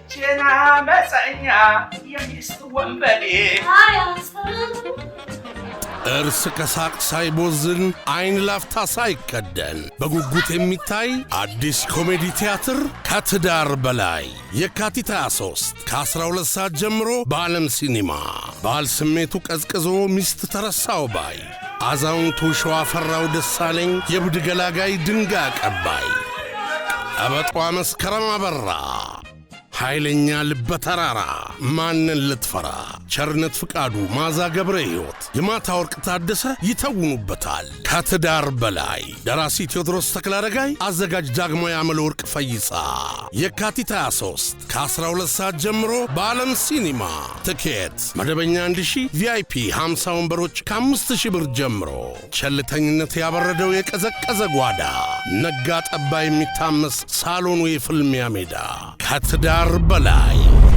እቼና የሚስት ወንበዴ እርስ ከሳቅ ሳይቦዝን አይን ላፍታ ሳይቀደን በጉጉት የሚታይ አዲስ ኮሜዲ ቲያትር ከትዳር በላይ የካቲት 23 ከ12 ሰዓት ጀምሮ በዓለም ሲኒማ። ባል ስሜቱ ቀዝቅዞ ሚስት ተረሳው ባይ፣ አዛውንቱ ሸዋፈራው ደሳለኝ የብድ ገላጋይ ድንጋ አቀባይ፣ ቀበጧ መስከረም አበራ ኃይለኛ ልበ ተራራ ማንን ልትፈራ? ቸርነት ፍቃዱ፣ ማዛ ገብረ ሕይወት፣ የማታ ወርቅ ታደሰ ይተውኑበታል። ከትዳር በላይ ደራሲ ቴዎድሮስ ተክለ አረጋይ፣ አዘጋጅ ዳግሞ ያመለ ወርቅ ፈይጻ። የካቲት 23 ከ12 ሰዓት ጀምሮ በዓለም ሲኒማ። ትኬት መደበኛ 1000፣ ቪአይፒ 50 ወንበሮች ከ5000 ብር ጀምሮ። ቸልተኝነት ያበረደው የቀዘቀዘ ጓዳ፣ ነጋ ጠባ የሚታመስ ሳሎኑ የፍልሚያ ሜዳ ከትዳር በላይ